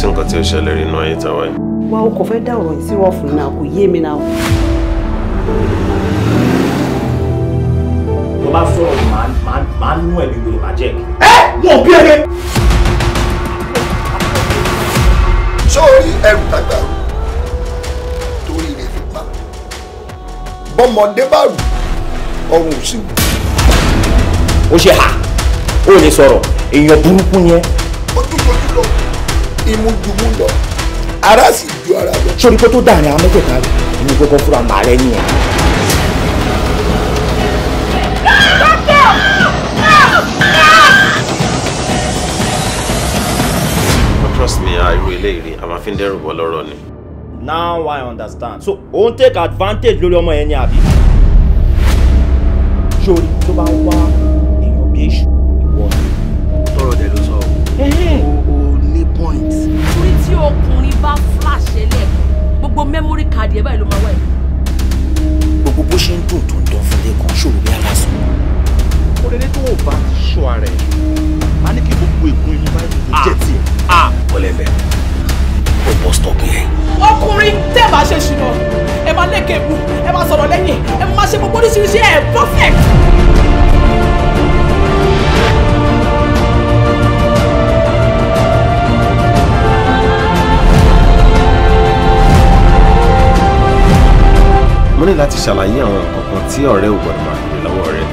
sí nǹkan tí ó ṣẹlẹ̀ rí inú ayé tàwa yìí. wa o kò fẹ́ dá ọ̀rọ̀ yìí sí rọ́ọ̀fù náà kò yé mi náà. tó bá sọ̀rọ̀ màá nú ẹ̀mí gbòòrò màá jẹ́ kí. ẹ wọn ò bí ẹni. sórí ẹrù tàgbà torí rẹ̀ fi pa bọ́mọdé bá rù ọrùn sí wù. ó ṣe ha ó lè sọ̀rọ̀ èèyàn burúkú yẹn. ojú kojú lọ imú ju mú lọ ara sì ju ara lọ. sórí pé tó dàrin amẹ́tẹ̀ẹ̀ta rẹ̀ ní kókó fúra màá rẹ̀ nìyẹn. trust me ah, irú eléyìí rí a máa fi now i understand so òun take advantage lórí ọmọ yẹn ni àbí. sórí tó bá ń wá. adìẹ báyìí ló máa wà yìí. gbogbo bó ṣe ń dùn tó ń dán fún lẹ́kàn ṣòro bí aláṣọ. kódédé tó o bá ṣọ́ ara ẹ̀ a ní kí gbogbo ègún inú bá yẹ kó jẹ́ tiẹ̀. a ah, kọlẹ́lẹ̀ ah, o bọ́ stop yẹn. ọkùnrin tẹ́ ẹ máa ṣe ṣùnà ẹ máa lékè ebu ẹ máa sọ̀rọ̀ lẹ́yìn ẹ máa ṣe gbogbo oríṣiríṣi ẹ̀ perfect. mo ní láti ṣàlàyé àwọn nǹkan kan tí ọ̀rẹ́ ò gbọ́dọ̀ máa béèrè lọ́wọ́ rẹ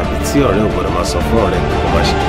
àbí tí ọ̀rẹ́ ò gbọ́dọ̀ máa sọ fún ọ̀rẹ́ kó má ṣe